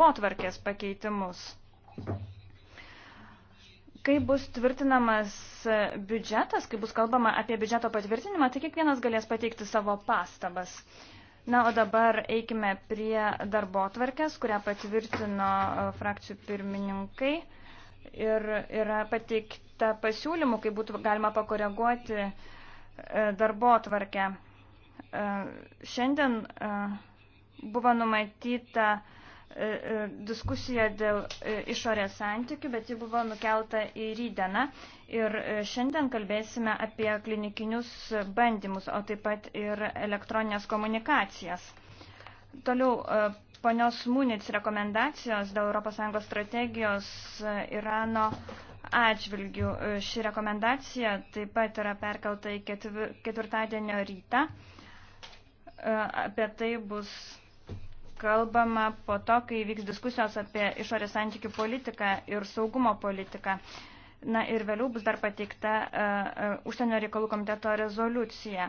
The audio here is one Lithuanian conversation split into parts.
potvarkės pakeitimus. Kai bus tvirtinamas biudžetas, kai bus kalbama apie biudžeto patvirtinimą, tai kiekvienas galės pateikti savo pastabas. Na, o dabar eikime prie darbo tvarkės, kurią patvirtino uh, frakcijų pirmininkai ir yra pateikta pasiūlymų, kaip būtų galima pakoreguoti uh, darbo tvarkę. Uh, šiandien buvo numatyta E, e, diskusija dėl e, išorės santykių, bet ji buvo nukelta į rydieną. Ir šiandien kalbėsime apie klinikinius bandymus, o taip pat ir elektroninės komunikacijas. Toliau ponios Mūnits rekomendacijos dėl ES strategijos Irano atžvilgių. Ši rekomendacija taip pat yra perkelta į ketvirtadienio rytą. Apie tai bus kalbama po to, kai vyks diskusijos apie išorės santykių politiką ir saugumo politiką. Na ir vėliau bus dar pateikta uh, užsienio reikalų komiteto rezoliucija.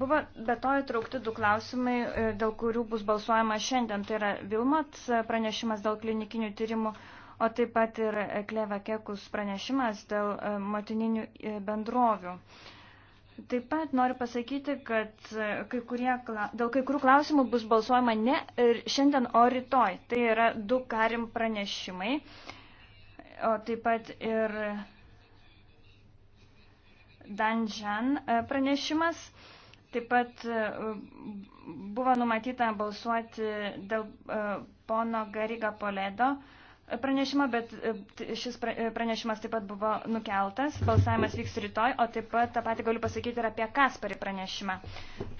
Buvo be to įtraukti du klausimai, e, dėl kurių bus balsuojama šiandien. Tai yra Vilmat pranešimas dėl klinikinių tyrimų, o taip pat ir Kleva Kekus pranešimas dėl motininių bendrovių. Uh, Taip pat noriu pasakyti, kad e, kai kurie, dėl kai kurių klausimų bus balsuojama ne šiandien, o rytoj. Tai yra du karim pranešimai, o taip pat ir Danžan e, pranešimas. Taip pat e, buvo numatyta balsuoti dėl pono Gariga Poledo pranešimą, bet e, šis e, pranešimas taip pat buvo nukeltas. Balsavimas vyks rytoj, o taip pat tą patį galiu pasakyti ir apie Kasparį pranešimą.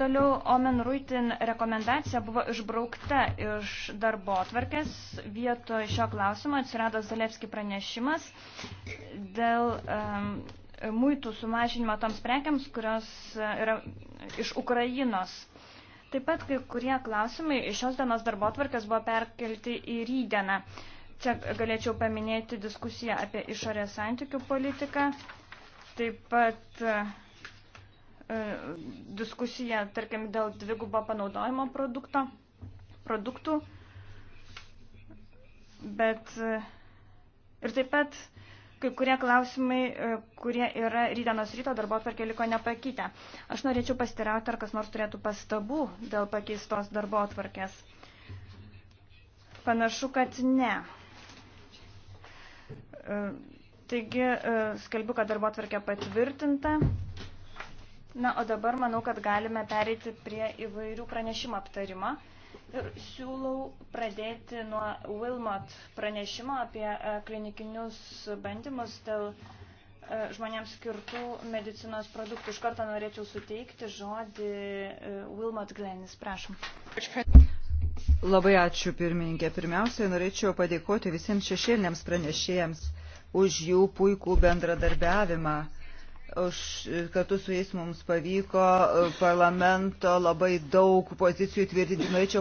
Toliau Omen Ruitin rekomendacija buvo išbraukta iš darbo atvarkės. Vieto šio klausimo atsirado Zalevski pranešimas dėl um, muitų sumažinimo toms prekiams, kurios e, yra iš Ukrainos. Taip pat kai kurie klausimai iš šios dienos darbo atvarkės buvo perkelti į rydieną. Uh, Čia galėčiau paminėti diskusiją apie išorės santykių politiką, taip pat e, e, diskusiją, tarkim, dėl dvigubo panaudojimo produkto, produktų, bet e, ir taip pat kai kurie klausimai, kurie yra rydienos ryto darbo tvarkė liko nepakytę. Aš norėčiau pastirauti, ar kas nors turėtų pastabų dėl pakeistos darbo tvarkės. Panašu, kad ne. E, taigi, e, skelbiu, kad darbo tvarkė patvirtinta. Na, o dabar manau, kad galime pereiti prie įvairių pranešimų aptarimo. Ir siūlau pradėti nuo Wilmot pranešimo apie e, klinikinius bandymus dėl žmonėms skirtų medicinos produktų. Iš karto norėčiau suteikti žodį Wilmot Glenis. Prašom. Labai ačiū pirmininkė. Pirmiausiai norėčiau padėkoti visiems šešėliniams pranešėjams už jų puikų bendradarbiavimą. Už, kartu su jais mums pavyko e, parlamento labai daug pozicijų tvirtinti. Norėčiau